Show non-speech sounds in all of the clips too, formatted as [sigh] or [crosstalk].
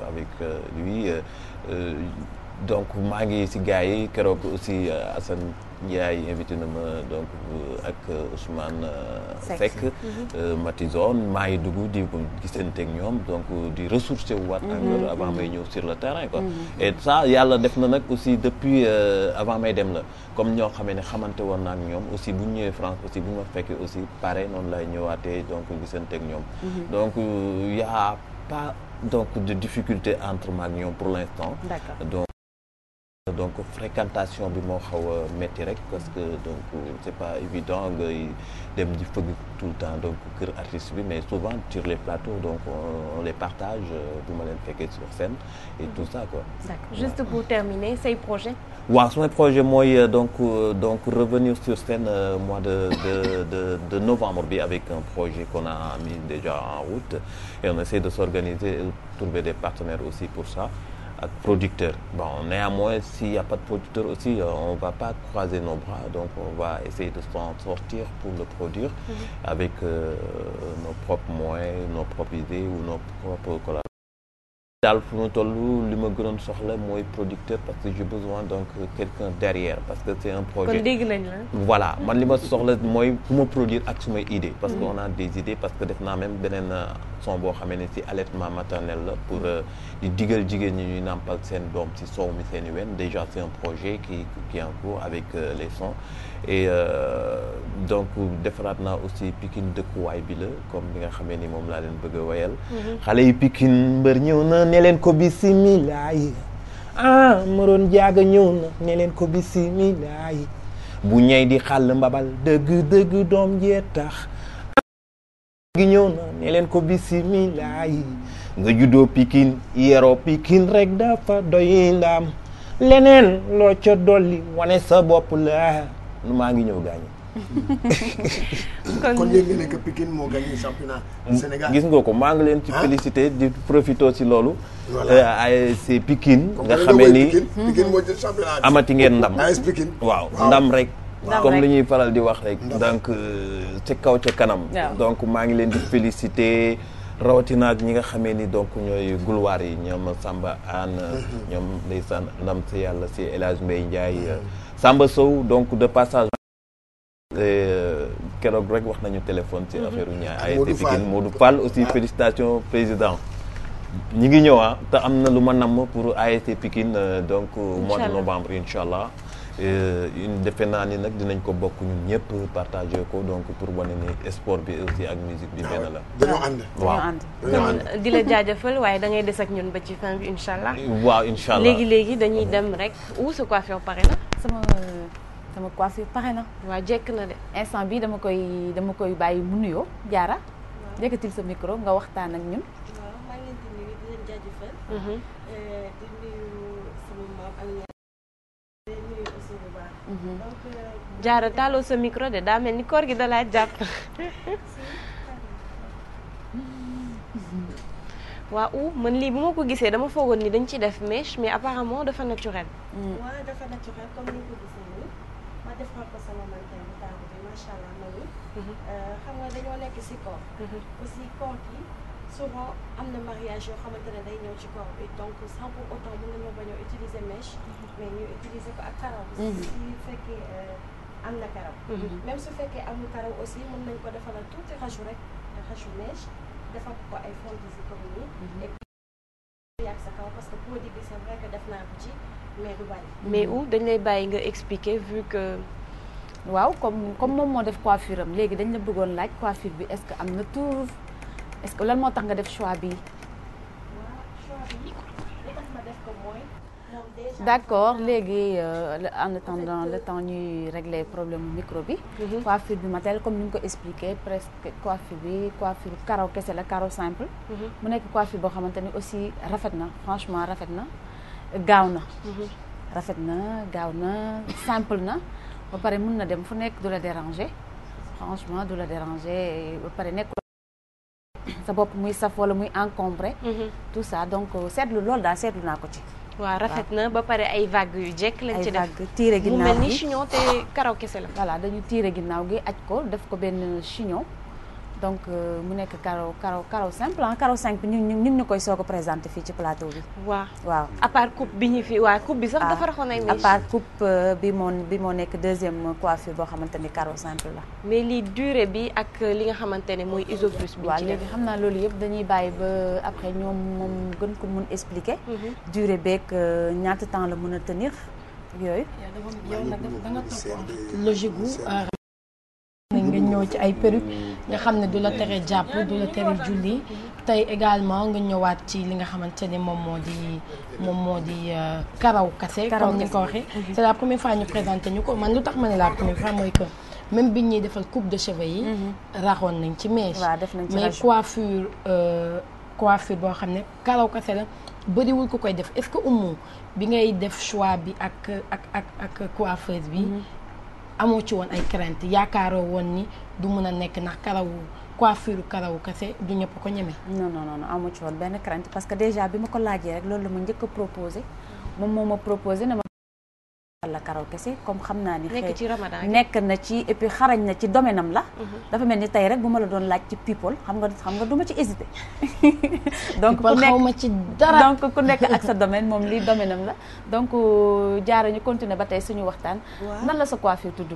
podcast avec euh, lui euh, euh, donc maa ngi si gars yi keroog aussi assan yaay invité na ma donc ak Ousmane Seck mhm. Matizone maa ngi dugg di gisanteeg ñoom donc di ressourcer waat mhm. encore mhm. avant may ñëw sur le terrain quoi et ça yàlla def na nag aussi depuis avant may dem la comme ñoo xame ne xamante woon naa ak ñoom aussi bu ñu ñëwee France aussi bu ma fekkee aussi pare noonu lay ñëwaatee donc gisanteeg ñoom donc y a donc de difficultés entre maag ñoom pour l'instant. D'accord. donc donc fréquentation bi moo xaw a metti rek parce que donc c'est pas évident ngay dem di fëgg tout le temps donc kër artiste bi mais souvent sur les plateaux donc on les partage bu ma leen fekkee sur scène et tout ça quoi. d'accord juste pour terminer say projet. projet mooy euh, donc euh, donc revenir sur scène euh, mois de de de de novembre bi avec un projet qu'on a mis déjà en route et on essaie de s'organiser et des partenaires aussi pour ça. ak producteur. Bon, néanmoins, s'il n'y a pas de producteur aussi, euh, on ne va pas croiser nos bras, donc on va essayer de s'en sortir pour le produire mm -hmm. avec euh, nos propres moyens, nos propres idées ou nos propres collaborateurs. daal fu mu toll li ma gënoon soxla mooy producteur parce que j'ai besoin donc euh, quelqu'un derrière parce que c'est un projet kon voilà man li ma soxla mooy fu ma produire ak sumay idée parce que mm-hmm. on a des idées parce que def naa même beneen euh, son boo xamee ne si alertement maternel la pour euh, di digal jigéen ñi ñuy nàmpal seen doom si soow mi seeni i wen déjà c'est un projet qui qui est en cours avec euh, les et euh, donc defaraat naa aussi Pikine dëkkuwaay bi la comme bi nga xamee ni moom laa leen bëgg a woyal mhm. xale yi Pikine mbër ñëw na ne leen ko bisimilaay ah moroon jaaga ñëw na ne leen ko bisimilaay bu ñey di xàll mbabal dëgg dëgg doom jee tax gi ñëw na ne leen ko bisimila yi nga juddoo pikin yeroo pikin rek dafa doy ndaam leneen loo ca dolli wane sa bopp la maa ngi ñëw gaañu [laughs] kon yëg gis nga ko maa ngi leen ci ah. félicité di profito ci loolu. voilà euh, ASC Pikine nga xamee ni Pikine amati ngeen ndam. ASC ah, waaw ndam rek. comme li ñuy faral di wax rek donc euh, ca kaw ca kanam donc maa ngi leen di féliciter rawatina ak ñi nga xamee ni donc ñooy gulwaar yi ñoom Samba Anne mhm. ñoom ndeysaan ndam ci yàlla si élage Hadj Mbaye Ndiaye euh, Samba Sow donc de passage euh, keroog rek wax nañu téléphone ci mhm. affaire u ñaay ASC e Pikine Modou Fall aussi ah. félicitations président ñi ngi ñëw ah te am na lu ma namm pour ASC e Pikine donc mois de novembre incha allah Euh, defe naa ni nag dinañ ko bokk ñun ñëpp partagé ko donc pour wane ni sport bi aussi ak musique bi benn la. dañoo ànd waaw dañoo ànd di la jaajëfal waaye dangay des ak ñun ba ci fin bi incha allah. waaw incha allah léegi léegi dañuy mhm. dem rek ou sa coiffure pare na. sama sama coiffure pare na. waaw jekk na de. instant bi dama koy dama koy bàyyi mu nuyoo jaara. jëkkatil sa micro nga waxtaan ak ñun. Mhm. jaara taaloo sa micro de daa mel ni koor gi dalaa jàpp waa u man lii bu ma ko gisee dama foogoon ni dañ ci def mèche mais apparemment dafa naturel. waaw mm. dafa naturel comme ko gisee nii ma defal ko sama mantel bu tàng mhm. euh, xam nga dañoo nekk si koor. Mhm. aussi koor gi souvent am na mariage yoo xamante ne day ñëw ci corps bi donc sans pour autant mën nañoo bañ utiliser mèche. Mhm. mais ñu utiliser ko ak karaw. Mhm. su fekkee euh, am na karaw. Mhm. même su fekkee amul karaw aussi mën nañ ko defalal tuuti yu comme def naa ci mais du bàyyi. mais où dañ lay bàyyi nga expliquer vu que. waaw comme comme moom moo def coiffure am léegi dañ la bëggoon laaj coiffure bi est-ce que am na tour est-ce que lan moo tax nga def choix bi. d'accord léegi euh, en tendant le temps ñuy régler problème microbi bi. Mhm. coiffure bi matériel comme ni ñu ko expliqué presque coiffure bi coiffure karaw kese la karaw simple. Mhm. mu nekk coiffure boo xamante ni aussi rafet na franchement rafet na gaaw na. Mhm. rafet na gaaw na simple na ba pare mun na dem fu nekk du la déranger franchement du la déranger ba pare nekk. sa bopp muy saf wala muy encombré mhm. tout ça donc euh, seetlu loolu daal seetlu naa ko ci waaw rafet na ba pare ay vagues yu jekk lañ ci def ay vagues tiire ginnaaw gi mu mel ni te karaw kese la voilà dañu tiire ginnaaw gi aj ko def ko benn chignon donc euh, mu nekk karaw karaw karaw cinq ah karaw 5 ñun ñu ñu koy soog a présenté fii ci plateau bi. waaw waaw à part coupe bi ñu fii waa coupe bi sax dafa ah. raxoon ay. à part euh, bi moo bi moo nekk deuxième coiffure boo xamante ni karaw simple la. mais lii durée bi ak euh, li nga xamante ne mooy isoplus bi. waaw léegi xam naa loolu yëpp dañuy bàyyi ba après ñoom moom gën ko mun expliquer. Mhm. durée beeg ñaata temps la mun a tenir yooyu. nga ñëw ci ay perruque nga xam ne du la tere jàpp du la tere julli tey également nga ñëwaat ci li nga xamante ne moom moo di moom moo di euh, karaw kase comme ni ko waxee c'est la première fois ñu présenté ñu ko man lu tax ma ne la première fois mooy que même bi ñuy defal coupe de cheveux yi mhm. raxoon nañ ci mèche mais coiffure euh, coiffure boo xam ne karaw kase la bëriwul ku koy def est-ce que umu bi ngay def choix bi ak ak ak ak coiffeuse bi mhm. amoo ci woon ay crainte yaakaaroo woon ni du mën a nekk ndax karawu coiffure karawu kese du ñëpp ko ñeme. non non non amoo ci woon benn crainte parce que déjà bi ma ko laajee rek loolu la ma njëkk a proposé moom moo ma proposé na ma la karaoke si comme xam naa ni xëy nekk na ci et puis xarañ na ci domaine am la mhm. dafa mel ni tey rek bu ma la doon laaj ci people xam nga xam nga du ma ci hésité [laughs] donc ku nekk ci dara nekk ak sa domaine moom lii domaine am la donc euh, jaara ñu continuer ba tey suñu waxtaan nan la sa coiffure tudd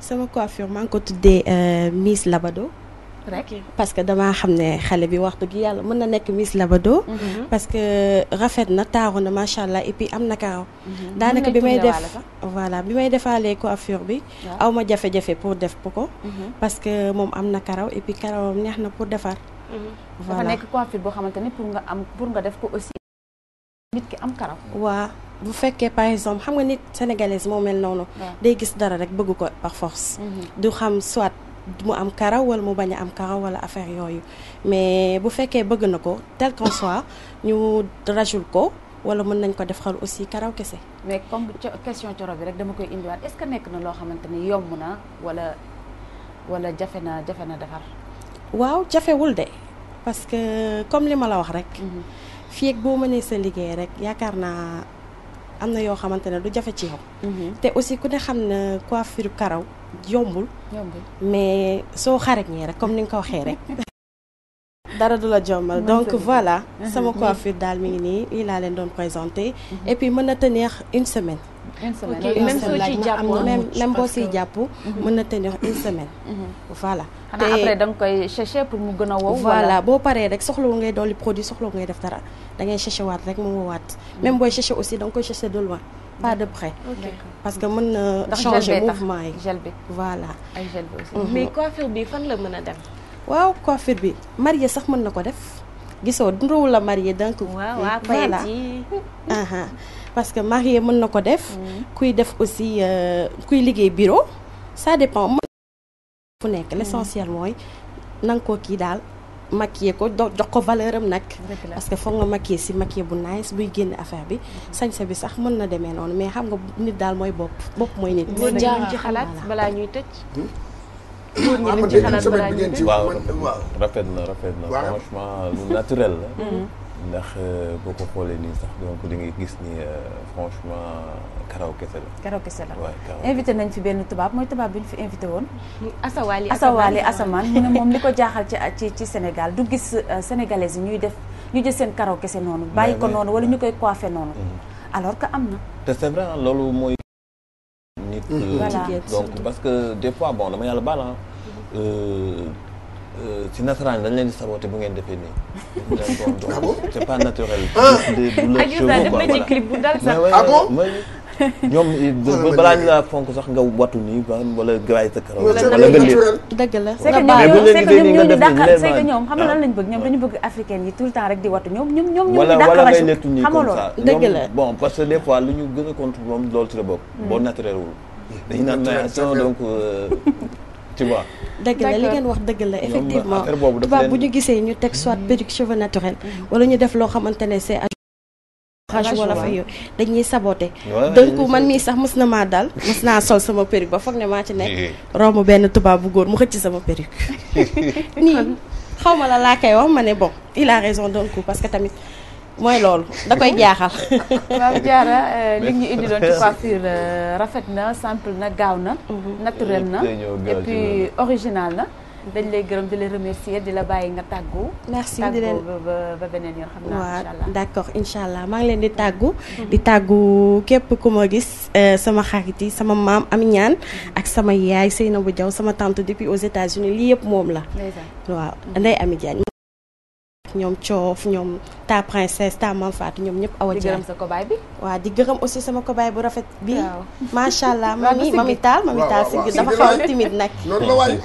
sama coiffure maa ngi ko tuddee euh, Miss Labado rek parce que damaa xam ne xale bi wax dëgg yàlla mën na nekk Miss Labado. Mhm. parce que rafet na taaru na macha allah et puis am na karaw. Mhm. daanaka bi may def voilà bi may defaalee coiffure bi. aw ma jafe-jafe pour def ko. Mhm. parce que moom am na karaw et puis karawam neex na pour defar. voilà dafa nekk coiffure boo xamante ne pour nga am pour nga def ko ki am karaw. waa bu fekkee par exemple xam nga nit sénégalaise moo mel noonu. day gis dara rek bëgg ko par force. du xam soit. mu am karaw wala mu bañ a am karaw wala affaire yooyu mais bu fekkee bëgg na ko tel qu'on soit ñu rajul ko wala mën nañ ko def xal aussi karaw kese. mais comme question coro bi rek dama koy indiwaat est que nekk na loo xamante ni yomb na walla wala jafe na jafe na defar. waaw jafewul de parce comme li ma la wax rek. Mm-hmm. fii ak boo mënee sa liggéey rek yaakaar naa. am na yoo xamante ne du jafe ci yow. Mhm. te aussi ku ne xam ne coiffure karaw yombul. yombul mais soo xarañee rek comme ni nga ko waxee rek. [laughs] dara du la jommal donc voilà. Mhm. sama coiffure daal mu ngi nii lii laa leen doon présenté. Mhm. et puis mën na tenir une semaine. une semaine même soo ciy jàpp même boo siy jàpp. Mhm. mën na tenir une semaine. Mhm. voilà te da nga koy séché pour mu gën a boo paree rek soxla soxlawu ngay dool dolli produit soxlawu ngay def dara da ngay séché waat rek mu wowaat. Mhm. même booy séché aussi da koy séché parce que mën na changer mouvement yi gel gel bi aussi mais coiffure bi fan la mën a dem. waaw coiffure bi marié sax mën na ko def gisoo ndóol la marié donc. waaw waaw voilà. [laughs] parce que marié mën na ko def mm. kuy def aussi euh, kuy liggéey bureau ça dépend mën fu nekk mm. l'essentiel mooy nanga koo kii daal maquillé ko jox ko valeur am nag parce que foog nga maquillé si maquillé bu nice buy génn affaire bi mm-hmm. sañse bi sax mën na demee noonu mais xam nga nit daal mooy bopp bopp mooy nit. ci xalaat balaa ñuy tëj. Hmm? góor ñi luñ ah, ci xalaat balaa ñuy ci waaw rafet na rafet na franchement lu naturel la. Mm-hmm. ndax euh, boo ko xoolee nii sax donc li ngay gis ni euh, franchement karaw kese la. karaw kese la invité nañ fi benn tubaab mooy tubaab bi ñu fi invité woon. asawaali asawaali asamaan mu ne moom li ko jaaxal ci ci Sénégal du gis euh, sénégalais yi ñuy def ñu jël seen karaw kese noonu. bàyyi ko noonu wala ñu koy coiffé noonu. Mm-hmm. alors que am na. te c'est vrai loolu mooy. Mmh. Euh, donc parce que des fois bon dama yàlla baal euh, euh, si nasaraan dañ leen di saboté bu ngeen defee nii. [laughs] Ah c'est pas naturel. Ah. des douleurs ah, chevaux quoi voilà clip bu dal sax. ah bon [laughs] ñoom balaa ñu laa fonk sax nga wattu nii wala gawaay sa karaw. wala nga lépp dëgg la c'est que ñoom c'est bëgg ñoom dañu bëgg africaine yi tout temps rek di wattu ñoom ñoom ñoom ñu dàq wala ngay lettu nii lu ñu gën a contre moom loolu ci la bokk hmm. boo naturel wul dañu naan noyation euh, [laughs] dëgg la li wax dëgg la effectivement tubaab bu gisee ñu teg soit mm-hmm. perruque cheveux naturel mm-hmm. wala ñu def loo xamante ne c'est wala fa yooyu dañuy saboté donc man mii sax mës na maa daal mës naa sol sama perruque ba foog ne maa ci nekk eh, eh. romb benn tubaab bu góor mu xëcc sama perruque [laughs] nii xaw la laa koy wax ma ne bon il a raison donc parce que tamit mooy loolu da koy jaaxal. maam Diarra euh, li indi doon ci coiffure euh, rafet na simple na gaaw na. Mhm. naturel na et puis original na. dañ lay gërëm di la remercier di la bàyyi nga tàggu. merci tàggu ba beneen yoon xam naa incha d' accord incha allah maa ngi leen di tàggu. Mhm. di tàggu képp ku ma gis euh, sama xarit yi sama maam am ñaan mhm. ak sama yaay Seynabou Diaw sama tante depuis aux États-Unis lii yëpp moom la. waaw Ndeye Amy ñoom coof ñoom. ta princesse ta maam Fatou ñoom ñëpp awa di gërëm sa kobaay bi waaw di gërëm aussi sama kobaay bu rafet bi macha allah [laughs] mami mami taal mami taal si dafa xaw a timide nag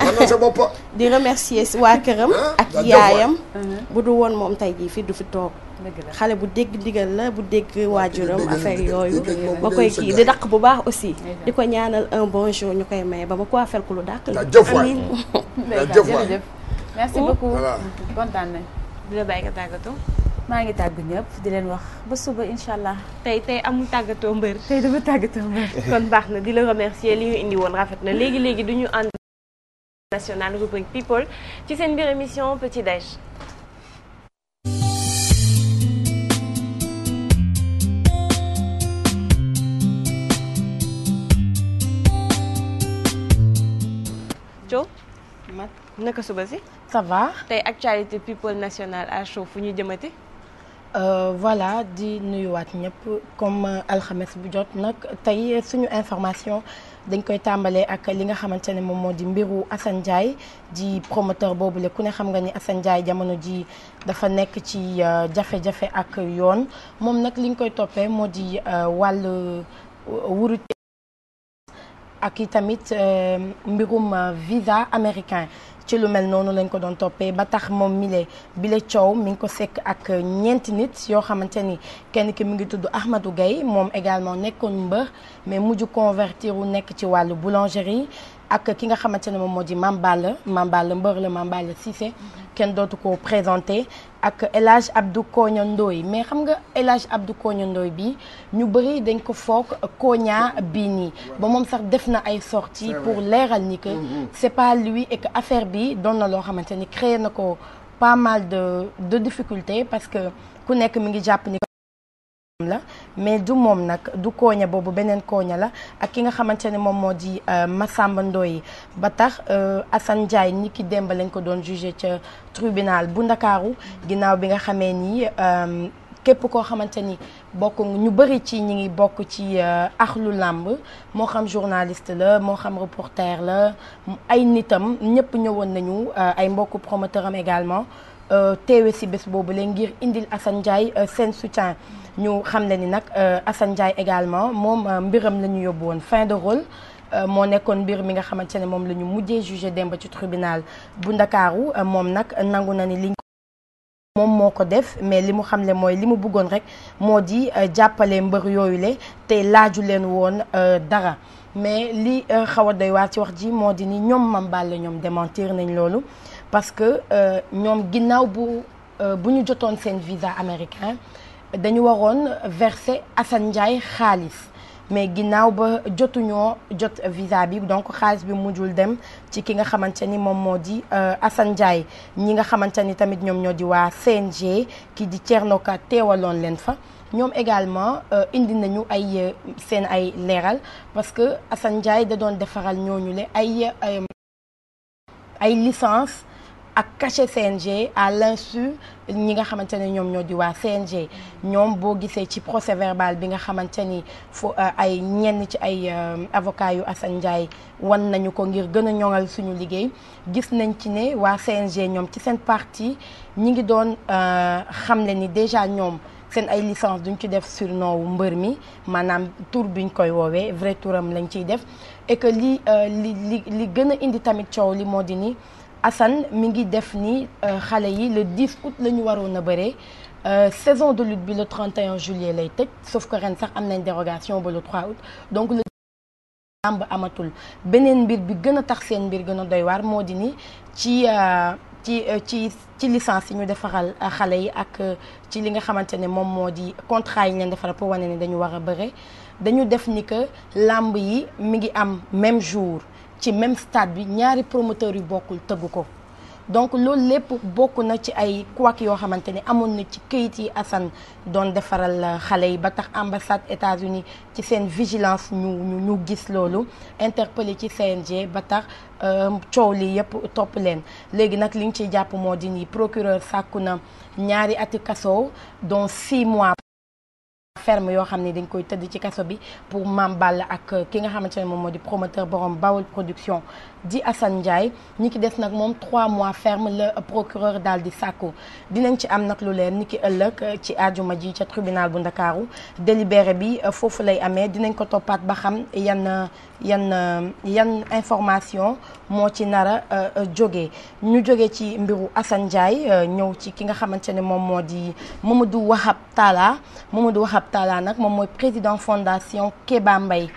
[laughs] di remercier waa këram ah, ak yaayam uh-huh. bu du woon moom tey jii fi du fi toog xale bu dégg ndigal la bu dégg waajuram affaire yooyu ba koy kii di daq bu baax aussi di ko ñaanal un bon jour ñu koy maye ba ma ko felku lu dàq la amiin jërëjëf merci beaucoup kontaan nañ di tàggatoo maa ngi tàggu ñëpp di leen wax ba suba incha allah. tey tey amul tàggatoo mbër. tey dama tàggatoo mbër. kon baax na di la remercier li ñu indi woon rafet na léegi léegi du ñu ànd. national rubrique people ci seen biir émission petit déj. Thio. mat naka suba si. ça va. tey actualité people nationale à chaud fu ñu jëmati. Euh, voilà di nuyuwaat ñëpp comme euh, alxames bu jot nag tey suñu information dañ koy tàmbalee ak li nga xamante ne moom moo di mbiru Assane Ndiaye di promoteur boobu le ku ne xam nga ni Assane jamono ji dafa nekk ci euh, jafe-jafe ak yoon moom nag liñ koy toppee moo di wàll wurut ak i tamit mbirum visa américain ci lu mel noonu lañ ko doon toppee ba tax moom mile bile coow mi ngi ko sekk ak ñeenti nit yoo xamante ni kenn ki mu ngi tudd Ahmadou gay moom également nekkoon mbër mais mujj convertir wu nekk ci wàllu boulangerie ak ki nga xamante ne moom moo di mamball Balla Mame Balla mbër la Mame Balla Cissé kenn dootu ko présenté ak El Hadj Abdou Koña Ndoye mais xam nga El Hadj Abdou Koña Ndoye bi ñu bëri dañ ko foog Koña bii nii ba moom sax def na ay sorties pour leeral ni que mm-hmm. c'est pas lui et affaire bi doon na loo xamante ni créé na ko pas mal de de parce que ku nekk mu ngi jàpp ni la mais du moom nag du kooña boobu beneen kooña la ak ki nga xamante ne moom moo di euh, Massamba Ndoye ba tax euh, Assane Ndiaye ni ki démb lañ ko doon jugé ca tribunal bu Ndakaaru ginnaaw bi nga xamee ni euh, képp koo xamante ni bokk ñu bëri ci ñi ngi bokk ci axlu làmb moo xam journaliste la moo xam reporter la ay nitam ñëpp ñëwoon nañu ay mbokku promoteur am également teewe si bés boobu la ngir indil Assane Ndiaye seen soutien ñu xam ne ni nag euh, Assane Ndiaye également moom euh, mbiram la ñu yóbbu woon fin de rôle euh, moo nekkoon mbir mi nga xamante ne moom la ñu mujjee jugé démb ci tribunal bu Ndakaaru moom nag nangu na ni liñ moom moo ko def mais li mu xamle mooy li mu bëggoon rek moo di jàppale mbër yooyu le tey laaju leen woon dara mais li xaw a doy ci wax ji moo di ni ñoom Mame Balla ñoom démentir nañ loolu parce que ñoom ginnaaw bu bu ñu jotoon seen visa américain dañu waroon verser Assane Ndiaye xaalis mais ginnaaw ba jotuñoo jot visa bi donc xaalis bi mujjul dem ci ki nga xamante ni moom moo di euh, Assane Ndiaye ñi nga xamante ni tamit ñoom ñoo di waa CNG ki di Thierno Ka teewaloon leen fa ñoom également euh, indi nañu ay euh, seen ay leeral parce que Assane Ndiaye da doon defaral ñooñu le ay ay licence ak cachet CNG à l'insu ñi nga xamante ne ñoom ñoo di waa CNG ñoom boo gisee ci procès verbal bi nga xamante ni fo euh, ay ñenn ci ay euh, avocat yu Assane Ndiaye wan nañu ko ngir gën a ñoŋal suñu liggéey gis nañ ci ne waa CNG ñoom ci seen parti ñi ngi doon euh, xamle ni déjà ñoom seen ay licence duñ ci def surnom wu mbër mi maanaam tur biñ koy woowee vrai turam lañ ciy def et que li li li li gën a indi tamit coow li moo di ni Assane mi ngi def ni euh, xale yi le 10 août la ñu waroon a bëree euh, saison de lutte bi le 31 juillet lay tëj sauf que ren sax am nañ dérogation ba le 3 août donc le làmb amatul beneen mbir bi gën a tax seen mbir gën a doy waar moo di ni ci euh, ci ci ci licence yi ñu defaral xale yi ak ci li nga xamante ne moom moo di contrat yi ñu leen defaral pour wane ne dañu war a bëre dañu def ni que làmb yi mi ngi am même jour ci même stade bi ñaari promoteur yu bokkul tëgg ko donc loolu lépp bokk na ci ay couac yoo xamante ni amoon na ci këyit yi Assane doon defaral xale yi ba tax ambassade États-Unis ci seen vigilance ñu ñu gis loolu interpellé ci CNG ba tax euh, coow li yëpp topp leen léegi nag li ñu ciy jàpp moo di ni procureur sàkku na ñaari ati kaso dont six mois ferme yoo xam ne dañ koy tëdd ci kaso bi pour maam Balla ak ki nga xamante ne moom moo di promoteur borom Bawol production di Assane Ndiaye ñi ki des nag moom 3 mois ferme la procureur daal di sàkku dinañ ci am nag lu leer ni ëllëg ci àjjuma ji ca tribunal bu Ndakaaru délibéré bi foofu lay amee dinañ ko toppaat ba xam yan yan yan information moo ci nara euh, jóge ñu jóge ci mbiru Assane euh, ñëw ci ki nga xamante ne moom moo di Mamadou Wahab Talla Mamadou Wahab Waxab nag moom mooy président fondation Kéba Mbaye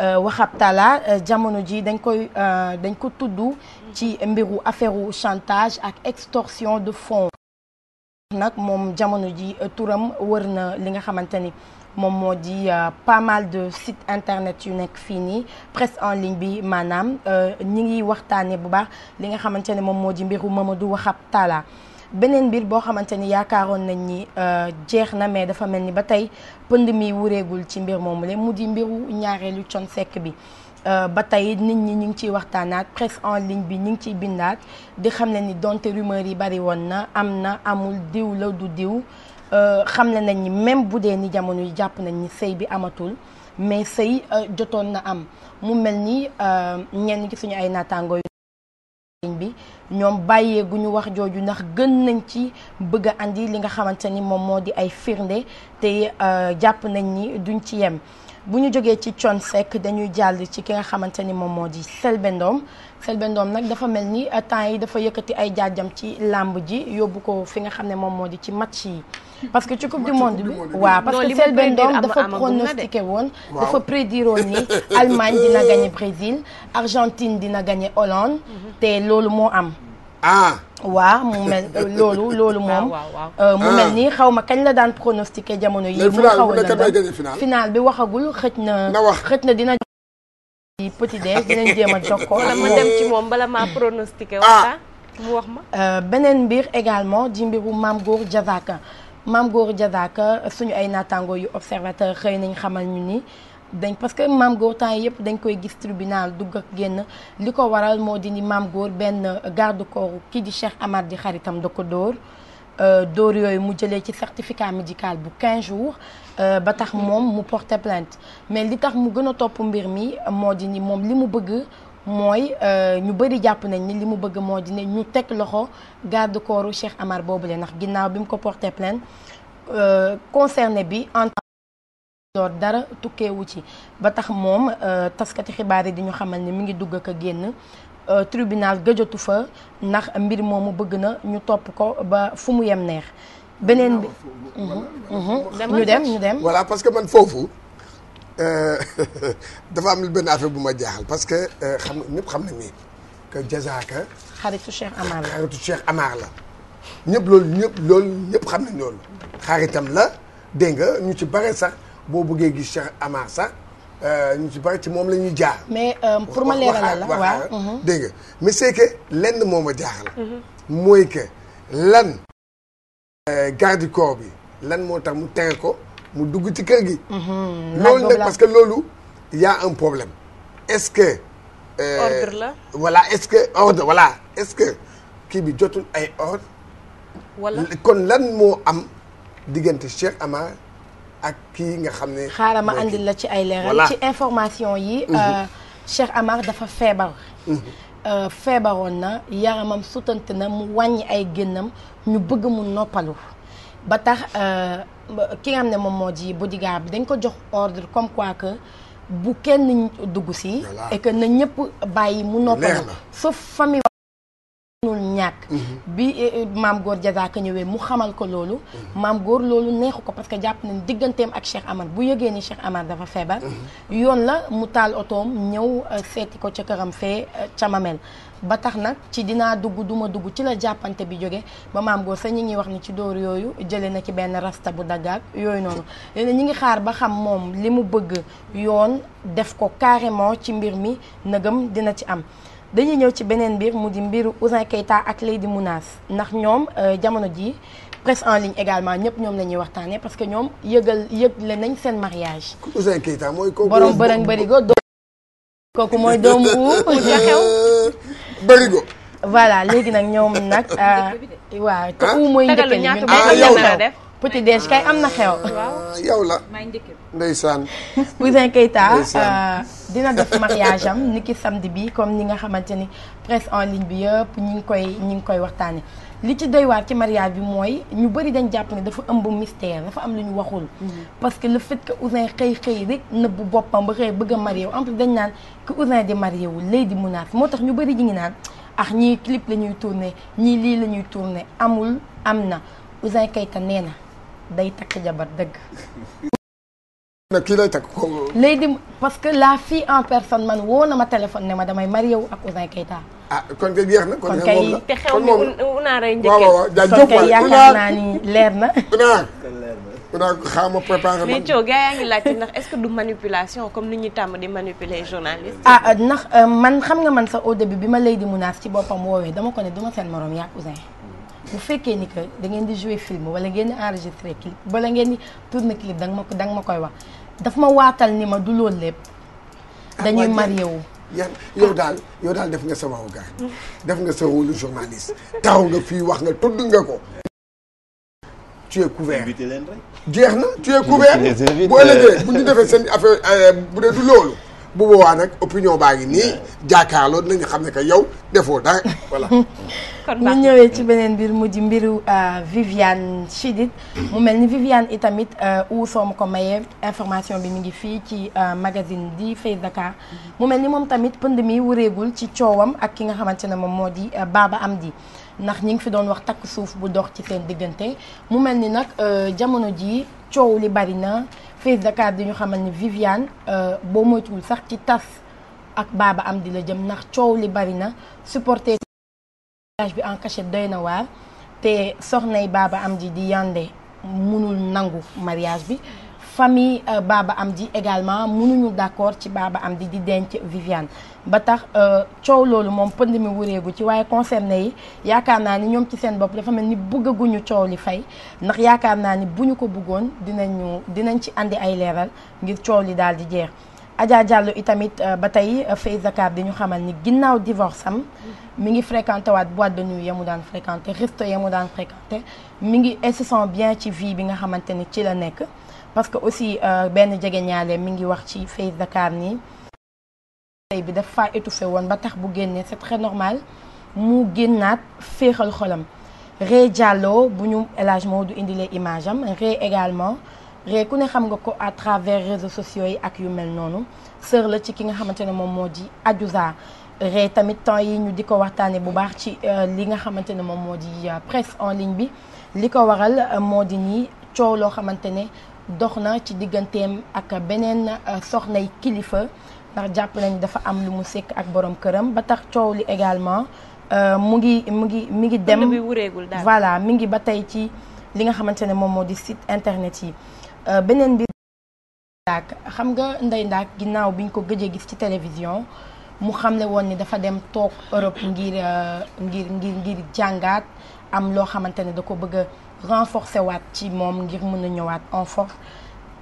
euh, Waxab Talla euh, jamono ji dañ koy euh, dañ ko tudd ci mbiru affaireu chantage ak extorsion de fonds moom jamono ji turam wër na li nga xamante ni moom moo di pas mal de sites internet yu nekk fii nii presse en ligne bi maanaam ñi ngi waxtaane bu baax li nga xamante ne moom moo di mbiru Mamadou Waxab Talla beneen mbir boo xamante ni yaakaaroon nañ ni euh, jeex na mais dafa mel ni ba tey pënd mi wureegul ci mbir moomu mu di mbiru ñaareelu con sekk bi euh, ba tey nit ñi ñu ngi ciy waxtaanaat presse en ligne bi ñu ngi ciy bindaat di xam ne ni donte rumeur yi bari woon na am na amul diw la du diw euh, xam ne nañ ni même bu dee ni jamono yi jàpp nañ ni sëy bi amatul mais sëy jotoon na am mu mel ni ñenn ci suñu ay naataangoo bi ñoom bàyyee gu wax jooju ndax gën nañ ci bëgg a andi li nga xamante ni moom moo di ay firnde te euh, jàpp nañ ni duñ ci yem bu ñu jógee ci Thione Seck dañuy jàll ci ki nga xamante ni moom moo di Selbé Ndom Selbé nag dafa mel ni temps yi dafa yëkkati ay jaajam ci làmb ji yóbbu ko fi nga xam ne moom moo di ci match yi parce que ci coupe du monde bi waaw parce que Selbé Ndom dafa pronostiqué woon dafa prédire woon ni Allemagne dina gagné Brésil Argentine dina gañe Hollande mhm. te loolu moo am ah waaw mu mel loolu loolu moom euh, mu mel ah. nii xaw ma kañ la daan pronostiqué jamono yi mu xaw a la final bi waxagul xëj na xëj na dina ci petit déj dinañ jéem a jokkoo wala ma dem ci moom bala maa pronostiqué ah. waxtaan mu wax ma euh, beneen mbir également di mbiru Mame Goor Diazaka Mame Goor suñu ay naataango yu observateur xëy nañu xamal ñu ni dañ parce que Mame temps yëpp dañ koy gis tribunal dugg ak génn li ko waral moo di ni maam góor benn garde corps kii di Cheikh Amar di xaritam da ko dóor euh, dóor yooyu mu jëlee ci certificat médical bu 15 jours Euh, ba tax moom mu porter plainte mais li tax mu gën a topp mbir mi moo di ni moom li mu bëgg mooy euh, ñu bëri jàpp nañ ni li mu bëgg moo di ne ñu teg loxo garde corps Cheikh Amar boobule ndax ginnaaw bi mu ko porter plainte euh, concerné bi en dara tukkeewu ci ba tax moom taskati xibaar yi di ñu xamal ni mu ngi dugg ak a génn tribunal gëjatu fa ndax mbir moomu bëgg na ñu topp ko ba fu mu yem neex beneen bi mhm. ñu dem ñu dem voilà parce que man foofu euh, [laughs] dafa am benn affaire bu ma jaaxal parce que euh, xam ñëpp xam na ni que Diazaka xaritu Cheikh Amar la xaritu la ñëpp loolu ñëpp loolu ñëpp xam nañ loolu xaritam la dégg nga ñu ci bare sax boo buggee gis Cheikh Amar sax euh, ñu ci bari ci moom la ñuy jaar. mais pour ma leeralal la waaw mhm. mais c'est lenn moo ma jaaxal. Mhm. mooy que lan Euh, garde du corps bi lan moo tax mu tere ko mu dugg ci kër gi. Mhm, loolu nag parce que loolu y a problème est-ce que. Euh, ordre la voilà est-ce que ordre voilà est-ce que kii bi jotul ay ordre. wala kon lan moo am diggante Cheikh Amar ak kii nga xam ne. xaaral ma andil la ci ay leeral. ci information yi. Mhm. Euh, Cheikh Amar dafa feebar. Mhm. Euh, feebaroon na yaramam sutante na mu wàññi ay génnam ñu bëgg mu noppalu ba tax euh, ki nga xam ne moom moo ji bodyguard bi dañ ko jox ordre comme quoi que bu kenn dugg si et na ñëpp bàyyi mu noppalu sauf famille ñàkk mhm. bi eh, eh, maam góor jazaaka ñëwee mu xamal ko loolu mhm. maam góor loolu neexu ko parce que jàpp nañ digganteem ak Cheikh Amar bu yëgee ni Cheikh Amar dafa feebar mhm. yoon la mu taal otoom ñëw eh, seeti ko ca këram fee ca Mamel ba tax nag ci dinaa dugg duma dugg ci la jàppante bi jóge ba maam góor sax ñu ngi wax ni ci dóor yooyu jële na ci benn rasta bu daggaak yooyu noonu léegi ñi ngi xaar ba xam moom li mu bëgg yoon def ko carrément ci mbir mi nëgëm dina ci am dañuy ñëw ci beneen mbir mu di mbiru Ouzin Keita ak Lady Mounass ndax ñoom euh, jamono ji presse en ligne également ñëpp ñoom la ñuy waxtaanee parce que ñoom yëgal yëgle nañ seen mariage. Ouzin Keita mooy kooku borom bërëng bërigo doo [laughs] kooku mooy doomu xew [laughs] voilà léegi nag ñoom nag. [laughs] Euh, waaw te ah. mooy njëkkee. ah yow petit des kay am na xew. Ah, ah, yow la ndeysaan. [laughs] Ouzin Keita euh, dina def mariage am ni ki samedi bi comme ni nga xamante ni presse en ligne bi yëpp ñi ngi koy ñi ngi koy waxtaane li ci doy waar ci mariage bi mooy ñu bëri dañ jàpp ni dafa ëmb mystère dafa am lu ñu waxul. Mhm. parce que le fit que Ouzin xëy xëy rek nëbbu boppam ba xëy bëgg a marié wu en dañ naan que Ouzin di marié wu lay di menace moo tax ñu bëri ji ngi naan ah ñii clip la ñuy tourné ñii lii la ñuy tourné amul am na Ouzin Keita nee na. day takk jabar dëgg. nag ko. léegi parce que la fille en personne man woo na ma telefon ne ma damay marié wu ak Ouzin Keita. ah kon kay jeex na kon kay te xew mi unaaray njëkkee waaw waaw naa ni leer na. unaar unaar xaaral ma préparé. yaa ngi laajte ndax est-ce que du manipulation comme ni ñuy tàmm di manipuler journaliste. ah euh, ndax euh, man xam nga man sa au début bi ma lay di munaas ci boppam woowee dama ko ne duma seen morom yaa Ouzin. bu fekkee ni que da ngeen di jouer film wala ngeen di enregistrer clip wala ngeen di tourner clip da nga ma ko da ma koy wax dafa ma waatal ni ma du loolu lépp. Ah, dañuy marié wu. yow daal yow daal def nga sa wawu def nga sa rôle journaliste taxaw nga fi wax nga tudd nga ko. tu es couvert jeex na tu es couvert boo ëllëgee euh, bu ñu defee seen euh, bu dee du loolu. bu boobaa nag opinion baa ngi nii jàkkaarloo dinañu xam ñu [laughs] ñëwee ci beneen mbir mu di mbiru euh, Viviane Chidid mm. mu mel ni Viviane itamit euh, uusoom ko mayee information bi mu ngi fii ci euh, magazine di Face Dakar mm-hmm. mu mel ni moom tamit pënd mi wureegul ci coowam ak ki nga xamante ne moom moo di am Amdi ndax ñi ngi fi doon wax takk suuf bu dox ci seen diggante mu mel ni nag jamono ji coow li bari na Fees Dakar di ñu xamal ni Viviane euh, boo moytuwul sax ci tas ak baaba am di la jëm ndax coow li bari na supporter bi en cachette doy na waar te soxnay am ji di yande mënul nangu mariage bi euh, baaba am ji également munuñu d'accord ci am ji di denc Viviane ba tax euh, coow loolu moom pënd mi wureegu ci waaye concerné yi yaakaar naa ni ñoom ci seen bopp dafa mel ni bëggaguñu coow li fay ndax yaakaar naa ni bu ñu ko bëggoon dinañu dinañ ci andi ay leeral ngir coow li daal di jeex. Adja Diallo itamit euh, ba tey euh, Faye Zakar di ñu xamal ni ginnaaw divorce am mu mm-hmm. ngi fréquenté waat boîte de nuit ya mu daan fréquenté resto ya mu daan fréquenté mi ngi elle bien ci vie bi nga xamante ni ci la nekk parce que aussi benn jegeñaale mi ngi wax ci Faye Zakar nii. tey bi dafa étouffé woon ba tax bu génnee c'est très normal mu génnaat féexal xolam Ré Diallo bu ñu El du Maodo indilee image am également Ré ku ne xam nga ko à travers réseaux sociaux yi ak yu mel noonu sœur ci ki nga xamante ne moom moo di Adiouza Ré tamit temps yi ñu di ko waxtaanee bu baax ci euh, li nga xamante ne moom moo di euh, presse en ligne bi li ko waral euh, moo di nii coow loo xamante ne dox na ci digganteem ak beneen soxnay kilifa. ndax jàpp nañ dafa am lu mu sekk ak borom këram ba tax coow li également euh, mu ngi mu ngi mi ngi dem voilà mi ngi ba tey ci li nga xamante ne moom moo di site internet yi euh, beneen bi xam nga Ndeye Ndaak ginnaaw biñ ko gëj a gis ci télévision mu xamle woon ni dafa dem toog Europe ngir euh, ngir ngir ngir jàngaat am loo xamante ne da ko bëgg a renforcer waat ci moom ngir mën a ñëwaat en force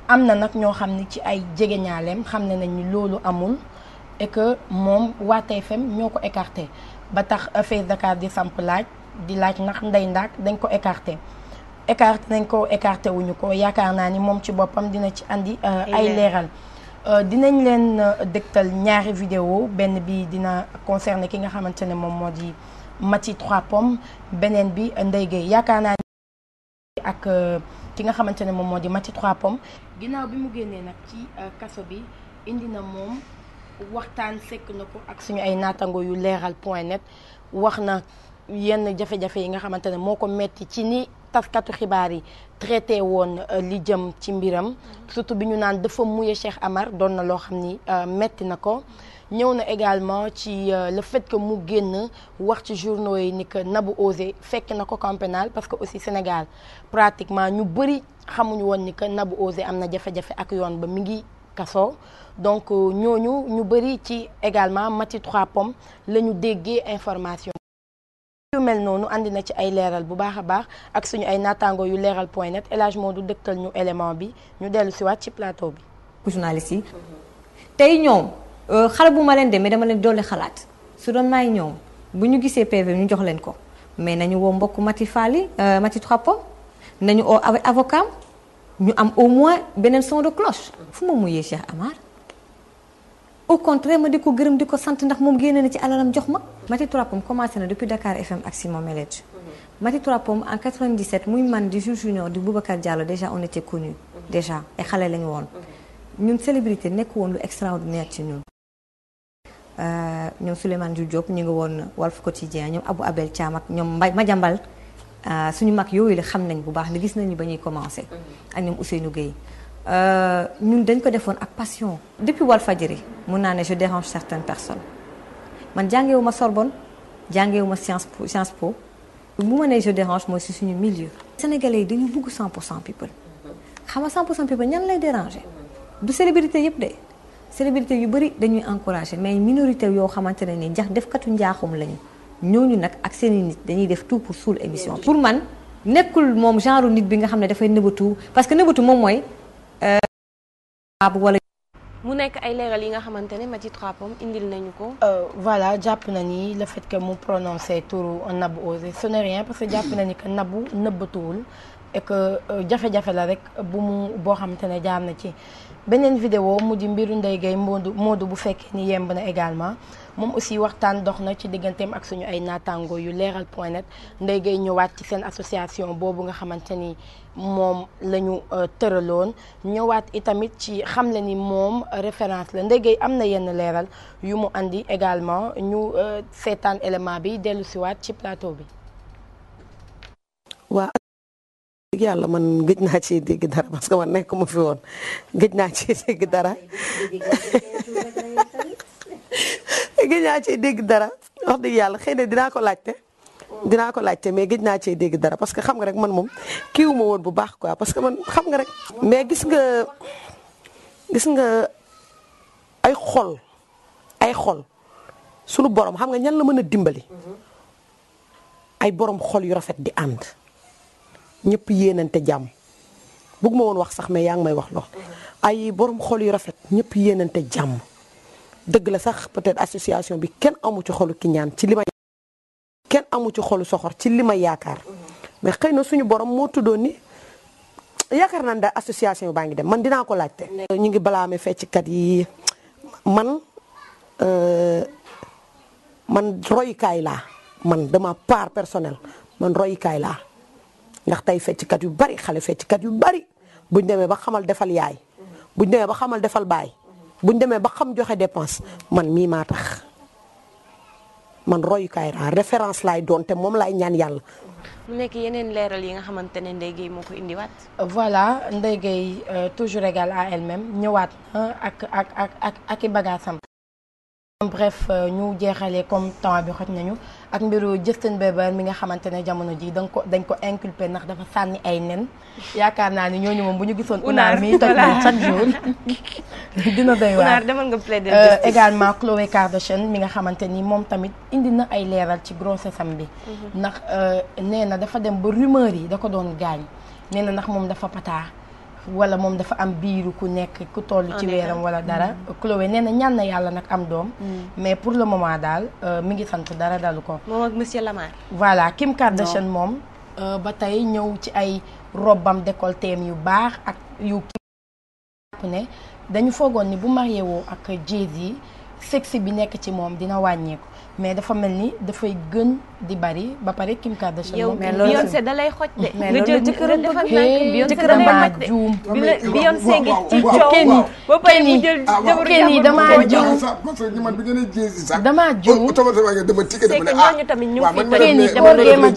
am na nag ñoo xam ne ci ay jegeñaaleem xam ne nañu loolu amul et moom waa fem ñoo ko écarté ba tax Face Dakar di samp laaj di laaj ndax Ndeye Ndack dañ ko écarté écarté nañ ko écarté wuñu ko yaakaar naa ni moom ci boppam dina ci andi euh, ay leeral euh, dinañ leen euh, dégtal ñaari vidéo benn bi dina concerné ki nga xamante ne moom moo di Maty Trois Pommes beneen bi ndege yaakaar naa ni ak ki nga xamante ne moom moo di Maty Trois Pommes ginnaaw bi mu génnee nag ci euh, kaso bi indi na moom waxtaan sekk na ko ak suñu ay naatango yu leeral point net wax na yenn jafe-jafe yi nga xamante ne moo ko metti ci ni taskatu xibaar yi traité woon euh, li jëm ci mbiram mm-hmm. surtout bi ñu naan dafa muy Cheikh Amar doon na loo xam ni euh, metti na ko ñëw na également ci euh, le fait que mu génn wax ci journaux yi ni que Nabou Ouzé fekk na ko campénal parce que aussi Sénégal pratiquement ñu bëri xamuñu woon ni que Nabou Ouzé am na jafe-jafe ak yoon ba mi ngi kaso donc euh, ñooñu ñu bëri ci également Maty Trois Pommes la ñu déggee information mel noonu indi na ci ay leeral bu baax a baax ak suñu ay naataango yu leeral point net El Hadj Modou ñu élément bi ñu dellu si ci plateau bi journaliste yi tey ñoom Euh, xale bu ma leen demee dama leen doole xalaat su doon maay ñoom bu ñu gisee PV ñu jox leen ko mais nañu woo mbokk Mati Fally euh, Mati Trapo nañu oo avocat ñu am au moins beneen son de cloche fu ma muyee Cheikh Amar au contraire ma di ko gërëm di ko sant ndax moom génne na ci alalam jox ma. Mati Trapo commencé na depuis Dakar FM ak Simon Mellage. Mm-hmm. Mati Trapo en 97 muy man di Jules Junior di Boubacar Diallo déjà on était connu mm-hmm. déjà ay xale lañu woon mm-hmm. ñun célébrité nekk woon lu extraordinaire ci ñun. Euh, ñoom Souleymane ju Diop ñu ngi woon Walf Quotidien ñoom abu Abel Thiam ak ñoom Mbay Madiambal euh, suñu mag yooyu la xam nañ bu baax ne gis nañu ba ñuy commencé. Mm-hmm. ak ñoom Ousseynou Gueye. Euh, ñun dañ ko defoon ak passion. depuis Walfadjri mun naa ne je dérange certaines personnes man jàngewu ma Sorbonne jàngewu ma Sciences Po Sciences Po bu ma nee je dérange mooy si suñu milieu. Sénégalais yi dañu bugg 100 pour cent people mm-hmm. xam nga 100 pour cent people ñan lay déranger du célébrité yëpp de. célébrité yu bëri dañuy encouragé mais minorité yoo xamante ne ni jax defkatu njaaxum lañu ñooñu nag ak seen i nit dañuy def tout pour suul émission pour man nekkul moom genre nit bi nga xam ne dafay nëbatu parce que nëbatu moom mooy euh, wala mu nekk ay leeral yi nga xamante ne Maty Trois Pommes indil nañu ko. Euh, voilà jàpp na ni le fait que mu prononcé tour Nabou Ouzé ce n'est rien parce que jàpp na ni que Nabou nëbbatuwul et que euh, jafe-jafe la rek bu mu boo xamante ne jaar na ci beneen vidéo mu di mbiru Ndeye Gueye moodu Modou bu fekkee ni yemb na également moom aussi waxtaan dox na ci digganteem ak suñu ay naataango yu leeral point net Ndeye ñëwaat ci seen association boobu nga xamante ni moom la ñu euh, tëraloon ñëwaat itamit ci xam le ni moom référence la Ndeye Gueye am na yenn leeral yu mu indi également ñu euh, seetaan élément bi dellu siwaat ci plateau bi waaw dëgg yàlla man gëj naa ci dégg dara parce que man nekkuma fi woon gëj naa ci dégg dara gëj dégg dara wax dëgg yàlla xëy na dinaa ko laajte dinaa ko laajte mais gëj naa cee dégg dara parce que xam nga rek man moom kiiwu ma woon bu baax quoi parce que man xam nga rek mais gis nga gis nga ay xol ay xol sunu borom xam nga ñan la mën a dimbali ay borom xol yu di ànd ñëpp yéenante jàmm bëgg ma woon wax sax mais yaa ngi may wax lool. ay borom xol yu rafet ñëpp yéenante jàmm dëgg la sax peut-être association bi kenn amu ci xolu ki ñaan ci li kenn amu ci xolu soxor ci li ma yaakaar mais xëy na suñu borom moo tuddoon ni yaakaar naa da association baa ngi dem man dinaa ko laajte. ñu ngi fecc kat yi man euh, man royukaay laa man dama part personnel man royukaay laa. ndax tey fecckat yu bari xale fecckat yu bari buñ demee ba xamal defal yaay buñ demee ba xamal defal baay buñ demee ba xam joxe dépense man mii maa tax man royukaay raa référence laay doon te moom laay ñaan yàlla. mu nekk yeneen leeral yi nga xamante ne Ndeye Gueye moo ko indiwaat. voilà Ndeye Gueye euh, toujours égale à elle-même ñëwaat ak ak ak ak i bagaasam bref euh, ñu jeexalee comme temps bi xoj nañu ak mbiru Justin Bieber mi nga xamante ne jamono ji dañ ko dañ ko inculpé ndax dafa sànni ay nen yaakaar naa ni ñooñu moom bu ñu gisoon unaar mi toj na chaque jour [laughs] dina doy waar euh, également Khloé Kardashian mi nga xamante ni moom tamit indi na ay leeral ci grossesse am bi mhm. ndax euh, nee na dafa dem ba rumeur yi da ko doon gaañ nee na ndax moom dafa pataa wala moom dafa am biiru ku nekk ku toll ci weeram wala dara mm. Chloé nee na ñaan na yàlla nag am doom mm. mais pour le moment daal euh, mi ngi sant dara dalu ko moom ak monsieur Lamar voilà Kim Kardashian moom euh, ba tey ñëw ci ay robam décolleté yu baax ak yu ki ne dañu foogoon ni bu marié woo ak jay yi sexy bi nekk ci moom dina wàññeeku mais dafa mel ni dafay gën di bari ba pare Kim Kardashian yow Beyoncé da lay xoj de nga jël jëkkëram dafa nànk Beyoncé ngi ci coow ba pare mu jël ah, jabar kenn damaa juum parce ah, que man bi ngeen di jéesi sax damaa juum dama tikke dama ne ah waaw man ma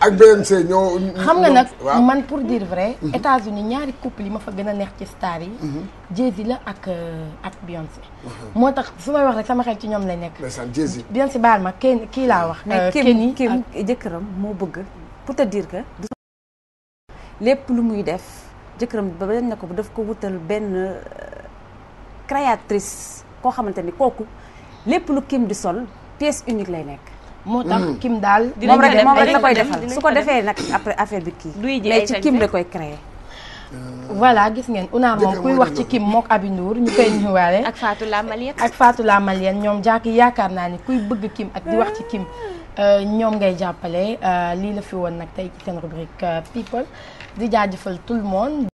ak BMC ñoo. xam nga nag man pour dire vrai. États-Unis ñaari couple yi ma fa gën a neex ci star yi. Mhm. Jay-Z la ak euh, ak Beyoncé. Mhm. moo tax su may wax rek sama xel ci ñoom lay nekk. ndeysaan Jay-Z Beyoncé baal ma kenn kii laa wax. kenn euh, Kim jëkkëram moo bëgg pour te dire que. lépp lu muy def jëkkëram ba benn na ko daf ko wutal benn euh, créatrice koo xamante ni kooku lépp lu Kim di sol pièce unique lay nekk. moo tax mm. kim daal. moom rek moom rek la koy su ko defee nag après affaire bi kii. duy ji mais ci kim la koy créer. Euh, voilà gis ngeen Unaar moom kuy wax ci Kim mook Abi Ndour ñu koy nuyuwaale. ak Fatou la Malienne ak faatu la Malienne ñoom jaak yaakaar naa ni kuy bëgg Kim ak di wax ci Kim euh, ñoom ngay jàppale euh, lii la fi woon nag tey ci seen rubrique people di jaajëfal tout le monde.